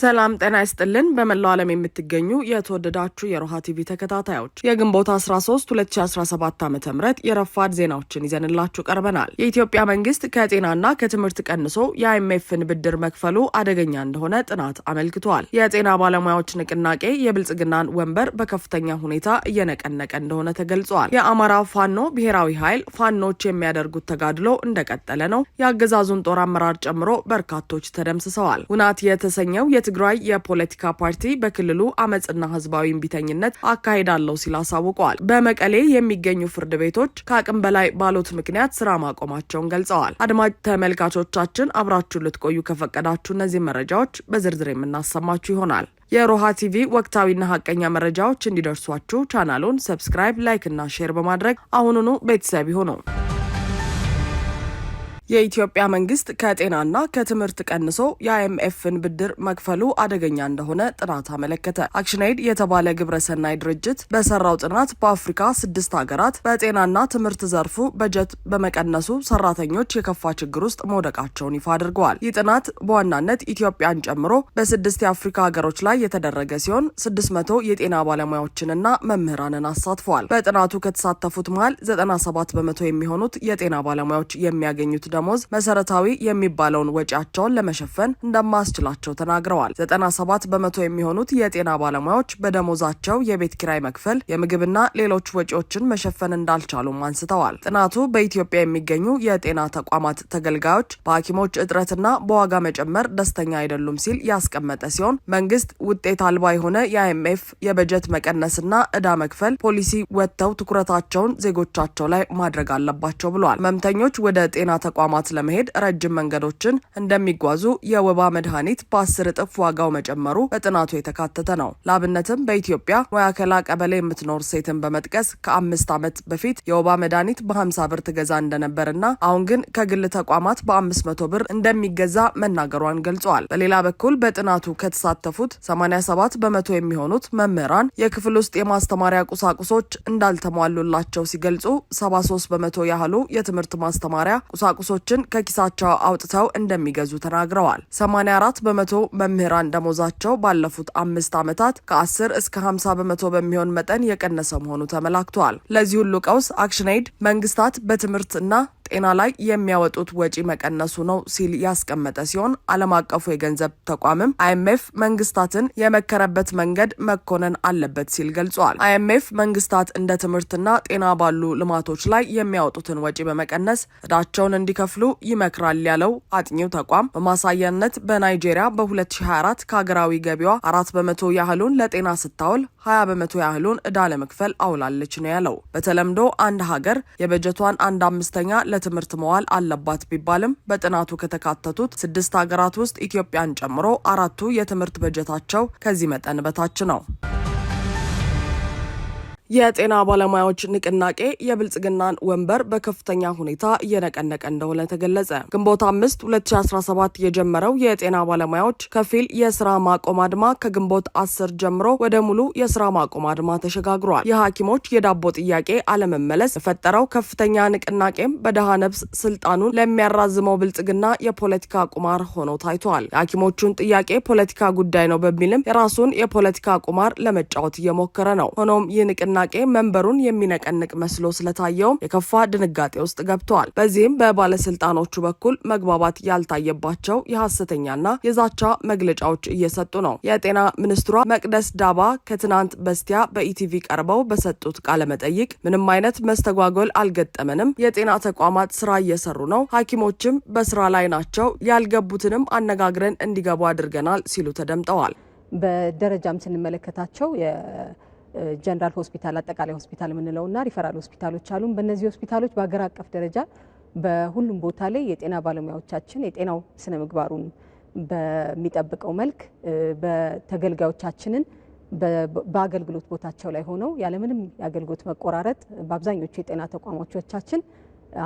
ሰላም ጤና ይስጥልን። በመላው ዓለም የምትገኙ የተወደዳችሁ የሮሃ ቲቪ ተከታታዮች የግንቦት 13 2017 ዓ ም የረፋድ ዜናዎችን ይዘንላችሁ ቀርበናል። የኢትዮጵያ መንግስት ከጤናና ከትምህርት ቀንሶ የአይኤምኤፍን ብድር መክፈሉ አደገኛ እንደሆነ ጥናት አመልክቷል። የጤና ባለሙያዎች ንቅናቄ የብልጽግናን ወንበር በከፍተኛ ሁኔታ እየነቀነቀ እንደሆነ ተገልጿል። የአማራ ፋኖ ብሔራዊ ኃይል ፋኖች የሚያደርጉት ተጋድሎ እንደቀጠለ ነው። የአገዛዙን ጦር አመራር ጨምሮ በርካቶች ተደምስሰዋል። ውናት የተሰኘው የትግራይ የፖለቲካ ፓርቲ በክልሉ አመፅና ህዝባዊ እምቢተኝነት አካሄዳለሁ ሲል አሳውቀዋል። በመቀሌ የሚገኙ ፍርድ ቤቶች ከአቅም በላይ ባሉት ምክንያት ስራ ማቆማቸውን ገልጸዋል። አድማጭ ተመልካቾቻችን አብራችሁ ልትቆዩ ከፈቀዳችሁ እነዚህ መረጃዎች በዝርዝር የምናሰማችሁ ይሆናል። የሮሃ ቲቪ ወቅታዊና ሀቀኛ መረጃዎች እንዲደርሷችሁ ቻናሉን ሰብስክራይብ፣ ላይክ እና ሼር በማድረግ አሁኑኑ ቤተሰብ ይሁኑ። የኢትዮጵያ መንግስት ከጤናና ከትምህርት ቀንሶ የአይኤምኤፍን ብድር መክፈሉ አደገኛ እንደሆነ ጥናት አመለከተ። አክሽንኤድ የተባለ ግብረሰናይ ድርጅት በሰራው ጥናት በአፍሪካ ስድስት ሀገራት በጤናና ትምህርት ዘርፉ በጀት በመቀነሱ ሰራተኞች የከፋ ችግር ውስጥ መውደቃቸውን ይፋ አድርገዋል። ይህ ጥናት በዋናነት ኢትዮጵያን ጨምሮ በስድስት የአፍሪካ ሀገሮች ላይ የተደረገ ሲሆን ስድስት መቶ የጤና ባለሙያዎችንና መምህራንን አሳትፏል። በጥናቱ ከተሳተፉት መሀል ዘጠና ሰባት በመቶ የሚሆኑት የጤና ባለሙያዎች የሚያገኙት ደሞዝ መሰረታዊ የሚባለውን ወጪያቸውን ለመሸፈን እንደማያስችላቸው ተናግረዋል። 97 በመቶ የሚሆኑት የጤና ባለሙያዎች በደሞዛቸው የቤት ኪራይ መክፈል፣ የምግብና ሌሎች ወጪዎችን መሸፈን እንዳልቻሉም አንስተዋል። ጥናቱ በኢትዮጵያ የሚገኙ የጤና ተቋማት ተገልጋዮች በሐኪሞች እጥረትና በዋጋ መጨመር ደስተኛ አይደሉም ሲል ያስቀመጠ ሲሆን መንግስት ውጤት አልባ የሆነ የአይኤምኤፍ የበጀት መቀነስና ዕዳ መክፈል ፖሊሲ ወጥተው ትኩረታቸውን ዜጎቻቸው ላይ ማድረግ አለባቸው ብለዋል። ህመምተኞች ወደ ጤና ተቋማ ተቋማት ለመሄድ ረጅም መንገዶችን እንደሚጓዙ የወባ መድኃኒት በአስር እጥፍ ዋጋው መጨመሩ በጥናቱ የተካተተ ነው። ለአብነትም በኢትዮጵያ ሞያከላ ቀበሌ የምትኖር ሴትን በመጥቀስ ከአምስት ዓመት በፊት የወባ መድኃኒት በ50 ብር ትገዛ እንደነበርና አሁን ግን ከግል ተቋማት በ500 ብር እንደሚገዛ መናገሯን ገልጸዋል። በሌላ በኩል በጥናቱ ከተሳተፉት 87 በመቶ የሚሆኑት መምህራን የክፍል ውስጥ የማስተማሪያ ቁሳቁሶች እንዳልተሟሉላቸው ሲገልጹ 73 በመቶ ያህሉ የትምህርት ማስተማሪያ ቁሳቁሶች ምርቶችን ከኪሳቸው አውጥተው እንደሚገዙ ተናግረዋል። 84 በመቶ መምህራን ደሞዛቸው ባለፉት አምስት ዓመታት ከ10 እስከ 50 በመቶ በሚሆን መጠን የቀነሰ መሆኑ ተመላክቷል። ለዚህ ሁሉ ቀውስ አክሽን ኤድ መንግስታት በትምህርት እና ጤና ላይ የሚያወጡት ወጪ መቀነሱ ነው ሲል ያስቀመጠ ሲሆን ዓለም አቀፉ የገንዘብ ተቋምም አይኤምኤፍ መንግስታትን የመከረበት መንገድ መኮነን አለበት ሲል ገልጿል። አይኤምኤፍ መንግስታት እንደ ትምህርትና ጤና ባሉ ልማቶች ላይ የሚያወጡትን ወጪ በመቀነስ እዳቸውን እንዲከፍሉ ይመክራል ያለው አጥኚው ተቋም በማሳያነት በናይጄሪያ በ2024 ከሀገራዊ ገቢዋ አራት በመቶ ያህሉን ለጤና ስታውል ሀያ በመቶ ያህሉን እዳ ለመክፈል አውላለች ነው ያለው። በተለምዶ አንድ ሀገር የበጀቷን አንድ አምስተኛ ለ ለትምህርት መዋል አለባት ቢባልም በጥናቱ ከተካተቱት ስድስት ሀገራት ውስጥ ኢትዮጵያን ጨምሮ አራቱ የትምህርት በጀታቸው ከዚህ መጠን በታች ነው። የጤና ባለሙያዎች ንቅናቄ የብልጽግናን ወንበር በከፍተኛ ሁኔታ እየነቀነቀ እንደሆነ ተገለጸ። ግንቦት አምስት 2017 የጀመረው የጤና ባለሙያዎች ከፊል የስራ ማቆም አድማ ከግንቦት አስር ጀምሮ ወደ ሙሉ የስራ ማቆም አድማ ተሸጋግሯል። የሐኪሞች የዳቦ ጥያቄ አለመመለስ የፈጠረው ከፍተኛ ንቅናቄም በደሃ ነብስ ስልጣኑን ለሚያራዝመው ብልጽግና የፖለቲካ ቁማር ሆኖ ታይቷል። የሐኪሞቹን ጥያቄ ፖለቲካ ጉዳይ ነው በሚልም የራሱን የፖለቲካ ቁማር ለመጫወት እየሞከረ ነው። ሆኖም ይህ ንቅና ንቅናቄ መንበሩን የሚነቀንቅ መስሎ ስለታየውም የከፋ ድንጋጤ ውስጥ ገብተዋል። በዚህም በባለስልጣኖቹ በኩል መግባባት ያልታየባቸው የሐሰተኛና የዛቻ መግለጫዎች እየሰጡ ነው። የጤና ሚኒስትሯ መቅደስ ዳባ ከትናንት በስቲያ በኢቲቪ ቀርበው በሰጡት ቃለመጠይቅ ምንም አይነት መስተጓጎል አልገጠመንም፣ የጤና ተቋማት ስራ እየሰሩ ነው፣ ሐኪሞችም በስራ ላይ ናቸው፣ ያልገቡትንም አነጋግረን እንዲገቡ አድርገናል ሲሉ ተደምጠዋል። በደረጃም ስንመለከታቸው ጀነራል ሆስፒታል አጠቃላይ ሆስፒታል የምንለውና ሪፈራል ሆስፒታሎች አሉን። በእነዚህ ሆስፒታሎች በሀገር አቀፍ ደረጃ በሁሉም ቦታ ላይ የጤና ባለሙያዎቻችን የጤናው ስነ ምግባሩን በሚጠብቀው መልክ በተገልጋዮቻችንን በአገልግሎት ቦታቸው ላይ ሆነው ያለምንም የአገልግሎት መቆራረጥ በአብዛኞቹ የጤና ተቋሞቻችን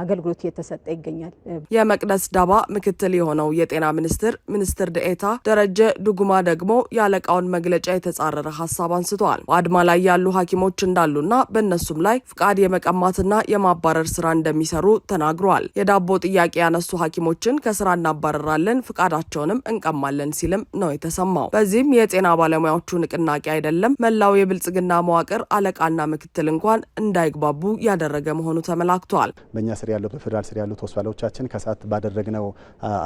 አገልግሎት እየተሰጠ ይገኛል። የመቅደስ ዳባ ምክትል የሆነው የጤና ሚኒስትር ሚኒስትር ደኤታ ደረጀ ዱጉማ ደግሞ የአለቃውን መግለጫ የተጻረረ ሀሳብ አንስተዋል። በአድማ ላይ ያሉ ሐኪሞች እንዳሉና በእነሱም ላይ ፍቃድ የመቀማትና የማባረር ስራ እንደሚሰሩ ተናግረዋል። የዳቦ ጥያቄ ያነሱ ሐኪሞችን ከስራ እናባረራለን፣ ፍቃዳቸውንም እንቀማለን ሲልም ነው የተሰማው። በዚህም የጤና ባለሙያዎቹ ንቅናቄ አይደለም መላው የብልጽግና መዋቅር አለቃና ምክትል እንኳን እንዳይግባቡ ያደረገ መሆኑ ተመላክቷል። ስር ያለው በፌዴራል ስር ያሉት ሆስፒታሎቻችን ከሰዓት ባደረግነው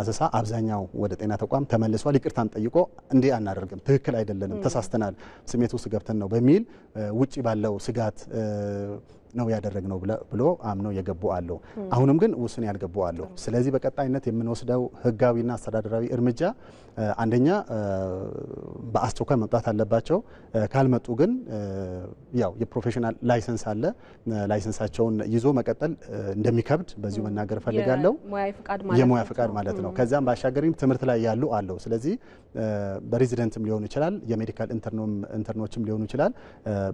አሰሳ አብዛኛው ወደ ጤና ተቋም ተመልሷል። ይቅርታን ጠይቆ እንዲህ አናደርግም፣ ትክክል አይደለንም፣ ተሳስተናል፣ ስሜት ውስጥ ገብተን ነው በሚል ውጭ ባለው ስጋት ነው ያደረግነው ብሎ አምነው የገቡ አሉ። አሁንም ግን ውሱን ያልገቡ አሉ። ስለዚህ በቀጣይነት የምንወስደው ህጋዊና አስተዳደራዊ እርምጃ አንደኛ በአስቸኳይ መምጣት አለባቸው። ካልመጡ ግን ያው የፕሮፌሽናል ላይሰንስ አለ። ላይሰንሳቸውን ይዞ መቀጠል እንደሚከብድ በዚሁ መናገር እፈልጋለሁ። የሙያ ፍቃድ ማለት ነው። ከዚያም ባሻገርም ትምህርት ላይ ያሉ አለው። ስለዚህ በሬዚደንትም ሊሆኑ ይችላል፣ የሜዲካል ኢንተርኖችም ሊሆኑ ይችላል።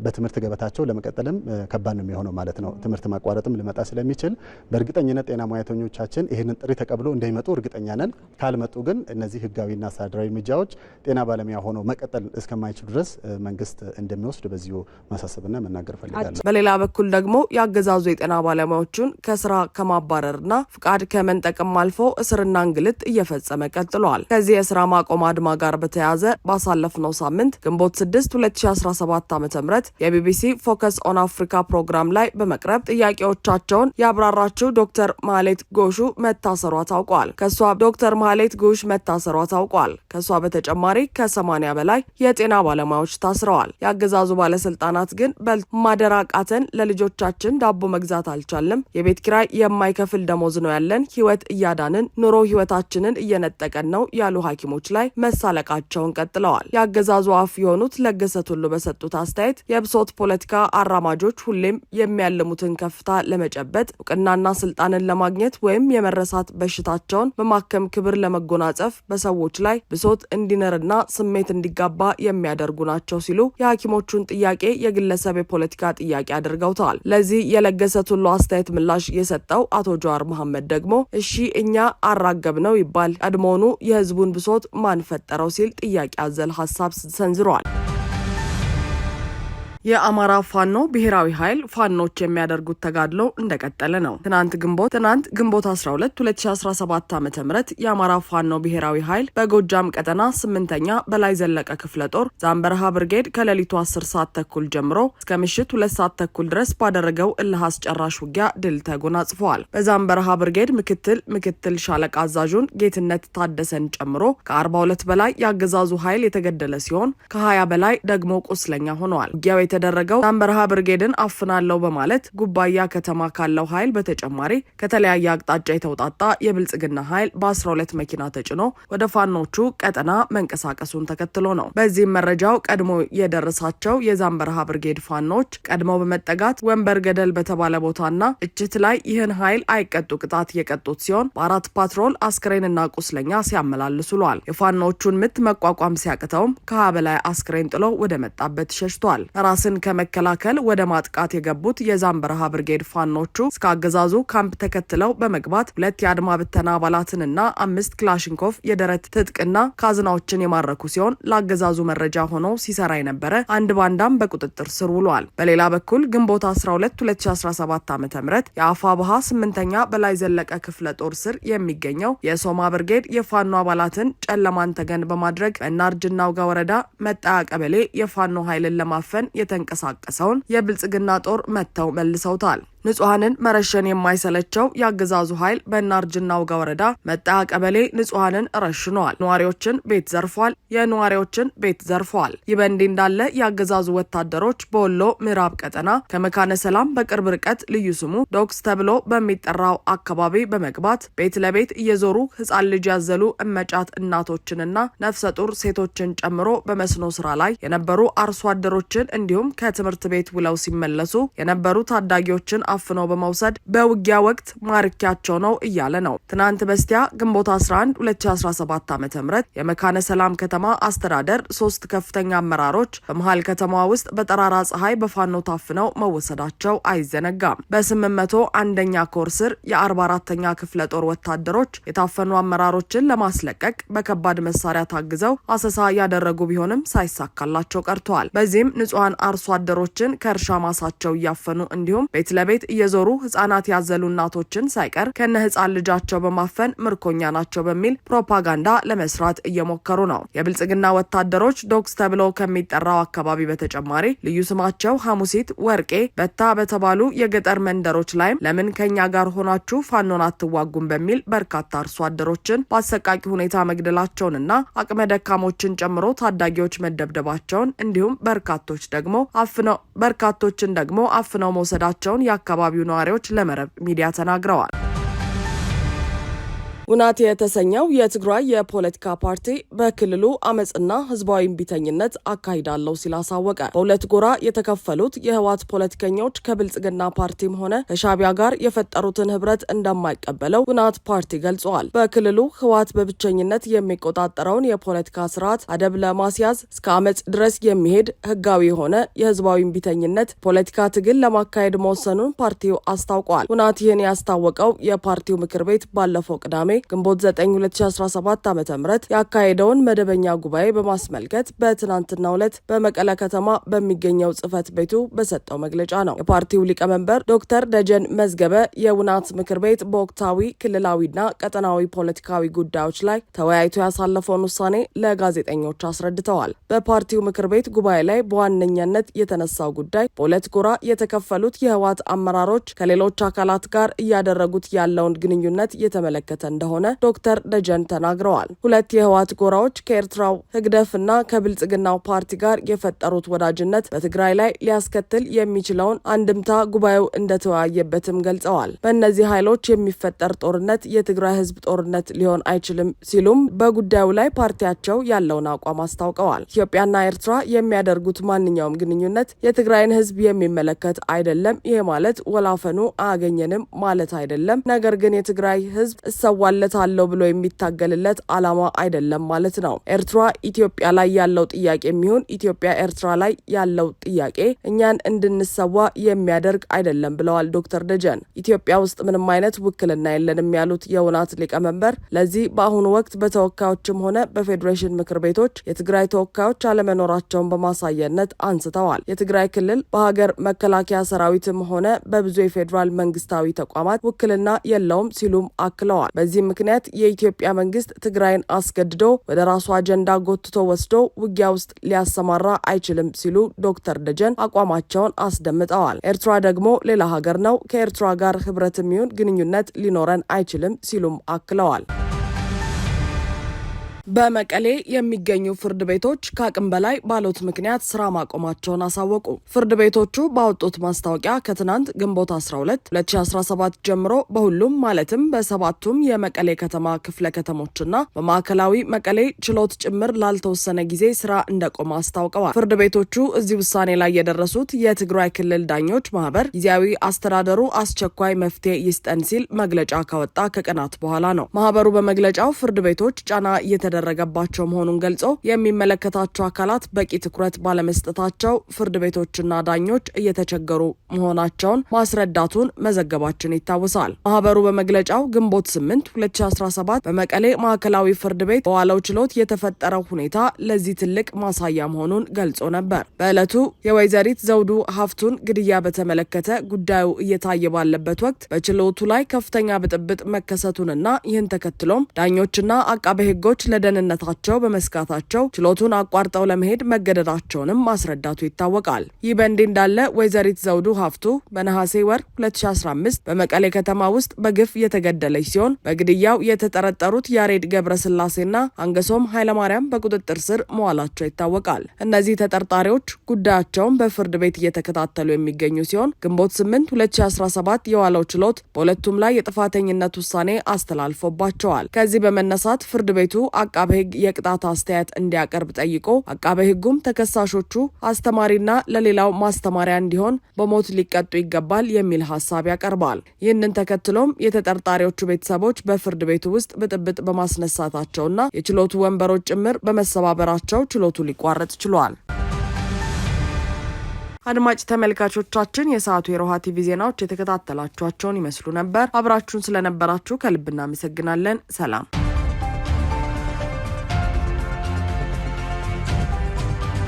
በትምህርት ገበታቸው ለመቀጠልም ከባድ ነው የሚሆነው። ነው ማለት ነው። ትምህርት ማቋረጥም ሊመጣ ስለሚችል በእርግጠኝነት ጤና ሙያተኞቻችን ይህንን ጥሪ ተቀብሎ እንደሚመጡ እርግጠኛ ነን። ካልመጡ ግን እነዚህ ህጋዊና አስተዳደራዊ እርምጃዎች ጤና ባለሙያ ሆኖ መቀጠል እስከማይችሉ ድረስ መንግስት እንደሚወስድ በዚሁ ማሳሰብና መናገር ፈልጋለሁ። በሌላ በኩል ደግሞ የአገዛዙ የጤና ባለሙያዎቹን ከስራ ከማባረርና ፍቃድ ከመንጠቅም አልፎ እስርና እንግልት እየፈጸመ ቀጥሏል። ከዚህ የስራ ማቆም አድማ ጋር በተያያዘ ባሳለፍነው ሳምንት ግንቦት 6 2017 ዓ ም የቢቢሲ ፎከስ ኦን አፍሪካ ፕሮግራም ላይ ላይ በመቅረብ ጥያቄዎቻቸውን ያብራራችው ዶክተር ማሌት ጎሹ መታሰሯ ታውቋል። ከሷ ዶክተር ማሌት ጎሽ መታሰሯ ታውቋል። ከሷ በተጨማሪ ከሰማኒያ በላይ የጤና ባለሙያዎች ታስረዋል። የአገዛዙ ባለስልጣናት ግን በልቶ ለልጆቻችን ዳቦ መግዛት አልቻልም፣ የቤት ኪራይ የማይከፍል ደሞዝ ነው ያለን፣ ህይወት እያዳንን ኑሮ ህይወታችንን እየነጠቀን ነው ያሉ ሐኪሞች ላይ መሳለቃቸውን ቀጥለዋል። የአገዛዙ አፍ የሆኑት ለገሰት ሁሉ በሰጡት አስተያየት የብሶት ፖለቲካ አራማጆች ሁሌም የሚያልሙትን ከፍታ ለመጨበጥ እውቅናና ስልጣንን ለማግኘት ወይም የመረሳት በሽታቸውን በማከም ክብር ለመጎናጸፍ በሰዎች ላይ ብሶት እንዲነርና ስሜት እንዲጋባ የሚያደርጉ ናቸው ሲሉ የሐኪሞቹን ጥያቄ የግለሰብ የፖለቲካ ጥያቄ አድርገውተዋል። ለዚህ የለገሰ ቱሉ አስተያየት ምላሽ የሰጠው አቶ ጀዋር መሐመድ ደግሞ እሺ እኛ አራገብ ነው ይባል ቀድሞውኑ የህዝቡን ብሶት ማን ፈጠረው ሲል ጥያቄ አዘል ሀሳብ ሰንዝሯል። የአማራ ፋኖ ብሔራዊ ኃይል ፋኖች የሚያደርጉት ተጋድሎ እንደቀጠለ ነው። ትናንት ግንቦት ትናንት ግንቦት 12 2017 ዓ ም የአማራ ፋኖ ብሔራዊ ኃይል በጎጃም ቀጠና ስምንተኛ በላይ ዘለቀ ክፍለ ጦር ዛምበረሃ ብርጌድ ከሌሊቱ 10 ሰዓት ተኩል ጀምሮ እስከ ምሽት ሁለት ሰዓት ተኩል ድረስ ባደረገው እልህ አስጨራሽ ውጊያ ድል ተጎናጽፈዋል። በዛምበረሃ ብርጌድ ምክትል ምክትል ሻለቃ አዛዡን ጌትነት ታደሰን ጨምሮ ከ42 በላይ የአገዛዙ ኃይል የተገደለ ሲሆን ከ20 በላይ ደግሞ ቁስለኛ ሆነዋል። ውጊያው የተደረገው ዳንበረሃ ብርጌድን አፍናለሁ በማለት ጉባያ ከተማ ካለው ኃይል በተጨማሪ ከተለያየ አቅጣጫ የተውጣጣ የብልጽግና ኃይል በ12 መኪና ተጭኖ ወደ ፋኖቹ ቀጠና መንቀሳቀሱን ተከትሎ ነው። በዚህም መረጃው ቀድሞ የደረሳቸው የዛምበረሃ ብርጌድ ፋኖች ቀድመው በመጠጋት ወንበር ገደል በተባለ ቦታና እችት ላይ ይህን ኃይል አይቀጡ ቅጣት የቀጡት ሲሆን በአራት ፓትሮል አስክሬንና ቁስለኛ ሲያመላልሱ ውለዋል። የፋኖቹን ምት መቋቋም ሲያቅተውም ከሀ በላይ አስክሬን ጥሎ ወደ መጣበት ሸሽቷል። ራስ ራስን ከመከላከል ወደ ማጥቃት የገቡት የዛምበረሃ ብርጌድ ፋኖቹ እስከ አገዛዙ ካምፕ ተከትለው በመግባት ሁለት የአድማ ብተና አባላትንና አምስት ክላሽንኮቭ የደረት ትጥቅና ካዝናዎችን የማረኩ ሲሆን ለአገዛዙ መረጃ ሆኖ ሲሰራ የነበረ አንድ ባንዳም በቁጥጥር ስር ውሏል። በሌላ በኩል ግንቦት 12 2017 ዓ ም የአፋ ባሃ ስምንተኛ በላይ ዘለቀ ክፍለ ጦር ስር የሚገኘው የሶማ ብርጌድ የፋኖ አባላትን ጨለማን ተገን በማድረግ እናርጅናውጋ ወረዳ መጣያ ቀበሌ የፋኖ ኃይልን ለማፈን የተንቀሳቀሰውን የብልጽግና ጦር መጥተው መልሰውታል። ንጹሐንን መረሸን የማይሰለቸው የአገዛዙ ኃይል በእናርጅና ውጋ ወረዳ መጣያ ቀበሌ ንጹሐንን ረሽነዋል። ነዋሪዎችን ቤት ዘርፏል። የነዋሪዎችን ቤት ዘርፏል። ይህ በእንዲህ እንዳለ የአገዛዙ ወታደሮች በወሎ ምዕራብ ቀጠና ከመካነ ሰላም በቅርብ ርቀት ልዩ ስሙ ዶክስ ተብሎ በሚጠራው አካባቢ በመግባት ቤት ለቤት እየዞሩ ህጻን ልጅ ያዘሉ እመጫት እናቶችንና ነፍሰ ጡር ሴቶችን ጨምሮ በመስኖ ስራ ላይ የነበሩ አርሶ አደሮችን እንዲሁም ከትምህርት ቤት ውለው ሲመለሱ የነበሩ ታዳጊዎችን አፍነው በመውሰድ በውጊያ ወቅት ማርኪያቸው ነው እያለ ነው። ትናንት በስቲያ ግንቦት 11 2017 ዓ ም የመካነ ሰላም ከተማ አስተዳደር ሶስት ከፍተኛ አመራሮች በመሀል ከተማ ውስጥ በጠራራ ፀሐይ በፋኖ ታፍነው መወሰዳቸው አይዘነጋም። በ800 አንደኛ ኮር ስር የ44ተኛ ክፍለ ጦር ወታደሮች የታፈኑ አመራሮችን ለማስለቀቅ በከባድ መሳሪያ ታግዘው አሰሳ ያደረጉ ቢሆንም ሳይሳካላቸው ቀርተዋል። በዚህም ንጹሐን አርሶ አደሮችን ከእርሻ ማሳቸው እያፈኑ እንዲሁም ቤት ለቤት ቤት እየዞሩ ህጻናት ያዘሉ እናቶችን ሳይቀር ከነ ህጻን ልጃቸው በማፈን ምርኮኛ ናቸው በሚል ፕሮፓጋንዳ ለመስራት እየሞከሩ ነው። የብልጽግና ወታደሮች ዶክስ ተብለው ከሚጠራው አካባቢ በተጨማሪ ልዩ ስማቸው ሐሙሲት፣ ወርቄ፣ በታ በተባሉ የገጠር መንደሮች ላይም ለምን ከኛ ጋር ሆናችሁ ፋኖን አትዋጉም በሚል በርካታ አርሶ አደሮችን በአሰቃቂ ሁኔታ መግደላቸውንና አቅመ ደካሞችን ጨምሮ ታዳጊዎች መደብደባቸውን እንዲሁም በርካቶች ደግሞ አፍነው በርካቶችን ደግሞ አፍነው መውሰዳቸውን ያካ የአካባቢው ነዋሪዎች ለመረብ ሚዲያ ተናግረዋል። ውናት የተሰኘው የትግራይ የፖለቲካ ፓርቲ በክልሉ አመፅና ህዝባዊ እምቢተኝነት አካሂዳለሁ ሲል አሳወቀ። በሁለት ጎራ የተከፈሉት የህወሓት ፖለቲከኞች ከብልጽግና ፓርቲም ሆነ ከሻቢያ ጋር የፈጠሩትን ህብረት እንደማይቀበለው ውናት ፓርቲ ገልጸዋል። በክልሉ ህወሓት በብቸኝነት የሚቆጣጠረውን የፖለቲካ ስርዓት አደብ ለማስያዝ እስከ አመፅ ድረስ የሚሄድ ህጋዊ የሆነ የህዝባዊ እምቢተኝነት ፖለቲካ ትግል ለማካሄድ መወሰኑን ፓርቲው አስታውቋል። ውናት ይህን ያስታወቀው የፓርቲው ምክር ቤት ባለፈው ቅዳሜ ቅዳሜ ግንቦት 9 2017 ዓ ም ያካሄደውን መደበኛ ጉባኤ በማስመልከት በትናንትናው ዕለት በመቀለ ከተማ በሚገኘው ጽህፈት ቤቱ በሰጠው መግለጫ ነው። የፓርቲው ሊቀመንበር ዶክተር ደጀን መዝገበ የውናት ምክር ቤት በወቅታዊ ክልላዊና ቀጠናዊ ፖለቲካዊ ጉዳዮች ላይ ተወያይቶ ያሳለፈውን ውሳኔ ለጋዜጠኞች አስረድተዋል። በፓርቲው ምክር ቤት ጉባኤ ላይ በዋነኛነት የተነሳው ጉዳይ በሁለት ጎራ የተከፈሉት የህወሓት አመራሮች ከሌሎች አካላት ጋር እያደረጉት ያለውን ግንኙነት የተመለከተ እንደሆነ ዶክተር ደጀን ተናግረዋል። ሁለት የህወሓት ጎራዎች ከኤርትራው ህግደፍና ከብልጽግናው ፓርቲ ጋር የፈጠሩት ወዳጅነት በትግራይ ላይ ሊያስከትል የሚችለውን አንድምታ ጉባኤው እንደተወያየበትም ገልጸዋል። በእነዚህ ኃይሎች የሚፈጠር ጦርነት የትግራይ ህዝብ ጦርነት ሊሆን አይችልም ሲሉም በጉዳዩ ላይ ፓርቲያቸው ያለውን አቋም አስታውቀዋል። ኢትዮጵያና ኤርትራ የሚያደርጉት ማንኛውም ግንኙነት የትግራይን ህዝብ የሚመለከት አይደለም። ይሄ ማለት ወላፈኑ አያገኘንም ማለት አይደለም። ነገር ግን የትግራይ ህዝብ እሰዋል እሰራለታለሁ ብሎ የሚታገልለት አላማ አይደለም ማለት ነው። ኤርትራ ኢትዮጵያ ላይ ያለው ጥያቄ የሚሆን ኢትዮጵያ ኤርትራ ላይ ያለው ጥያቄ እኛን እንድንሰዋ የሚያደርግ አይደለም ብለዋል ዶክተር ደጀን። ኢትዮጵያ ውስጥ ምንም አይነት ውክልና የለንም ያሉት የውናት ሊቀመንበር ለዚህ በአሁኑ ወቅት በተወካዮችም ሆነ በፌዴሬሽን ምክር ቤቶች የትግራይ ተወካዮች አለመኖራቸውን በማሳያነት አንስተዋል። የትግራይ ክልል በሀገር መከላከያ ሰራዊትም ሆነ በብዙ የፌዴራል መንግስታዊ ተቋማት ውክልና የለውም ሲሉም አክለዋል። በዚህ በዚህ ምክንያት የኢትዮጵያ መንግስት ትግራይን አስገድዶ ወደ ራሱ አጀንዳ ጎትቶ ወስዶ ውጊያ ውስጥ ሊያሰማራ አይችልም ሲሉ ዶክተር ደጀን አቋማቸውን አስደምጠዋል። ኤርትራ ደግሞ ሌላ ሀገር ነው፣ ከኤርትራ ጋር ህብረትም ይሁን ግንኙነት ሊኖረን አይችልም ሲሉም አክለዋል። በመቀሌ የሚገኙ ፍርድ ቤቶች ከአቅም በላይ ባሉት ምክንያት ስራ ማቆማቸውን አሳወቁ። ፍርድ ቤቶቹ ባወጡት ማስታወቂያ ከትናንት ግንቦት 12 2017 ጀምሮ በሁሉም ማለትም በሰባቱም የመቀሌ ከተማ ክፍለ ከተሞችና በማዕከላዊ መቀሌ ችሎት ጭምር ላልተወሰነ ጊዜ ስራ እንደቆመ አስታውቀዋል። ፍርድ ቤቶቹ እዚህ ውሳኔ ላይ የደረሱት የትግራይ ክልል ዳኞች ማህበር ጊዜያዊ አስተዳደሩ አስቸኳይ መፍትሄ ይስጠን ሲል መግለጫ ካወጣ ከቀናት በኋላ ነው። ማህበሩ በመግለጫው ፍርድ ቤቶች ጫና እየተ እየተደረገባቸው መሆኑን ገልጾ የሚመለከታቸው አካላት በቂ ትኩረት ባለመስጠታቸው ፍርድ ቤቶችና ዳኞች እየተቸገሩ መሆናቸውን ማስረዳቱን መዘገባችን ይታወሳል። ማህበሩ በመግለጫው ግንቦት 8 2017 በመቀሌ ማዕከላዊ ፍርድ ቤት በዋለው ችሎት የተፈጠረው ሁኔታ ለዚህ ትልቅ ማሳያ መሆኑን ገልጾ ነበር። በዕለቱ የወይዘሪት ዘውዱ ሀፍቱን ግድያ በተመለከተ ጉዳዩ እየታየ ባለበት ወቅት በችሎቱ ላይ ከፍተኛ ብጥብጥ መከሰቱንና ይህን ተከትሎም ዳኞችና አቃቤ ሕጎች ለ ለደህንነታቸው በመስጋታቸው ችሎቱን አቋርጠው ለመሄድ መገደዳቸውንም ማስረዳቱ ይታወቃል። ይህ በእንዲህ እንዳለ ወይዘሪት ዘውዱ ሀፍቱ በነሐሴ ወር 2015 በመቀሌ ከተማ ውስጥ በግፍ የተገደለች ሲሆን በግድያው የተጠረጠሩት ያሬድ ገብረስላሴና አንገሶም ኃይለማርያም በቁጥጥር ስር መዋላቸው ይታወቃል። እነዚህ ተጠርጣሪዎች ጉዳያቸውን በፍርድ ቤት እየተከታተሉ የሚገኙ ሲሆን ግንቦት 8 2017 የዋለው ችሎት በሁለቱም ላይ የጥፋተኝነት ውሳኔ አስተላልፎባቸዋል። ከዚህ በመነሳት ፍርድ ቤቱ አ አቃቤ ሕግ የቅጣት አስተያየት እንዲያቀርብ ጠይቆ አቃቤ ሕጉም ተከሳሾቹ አስተማሪና ለሌላው ማስተማሪያ እንዲሆን በሞት ሊቀጡ ይገባል የሚል ሀሳብ ያቀርባል። ይህንን ተከትሎም የተጠርጣሪዎቹ ቤተሰቦች በፍርድ ቤቱ ውስጥ ብጥብጥ በማስነሳታቸውና የችሎቱ ወንበሮች ጭምር በመሰባበራቸው ችሎቱ ሊቋረጥ ችሏል። አድማጭ ተመልካቾቻችን የሰዓቱ የሮሃ ቲቪ ዜናዎች የተከታተላችኋቸውን ይመስሉ ነበር። አብራችሁን ስለነበራችሁ ከልብ እናመሰግናለን። ሰላም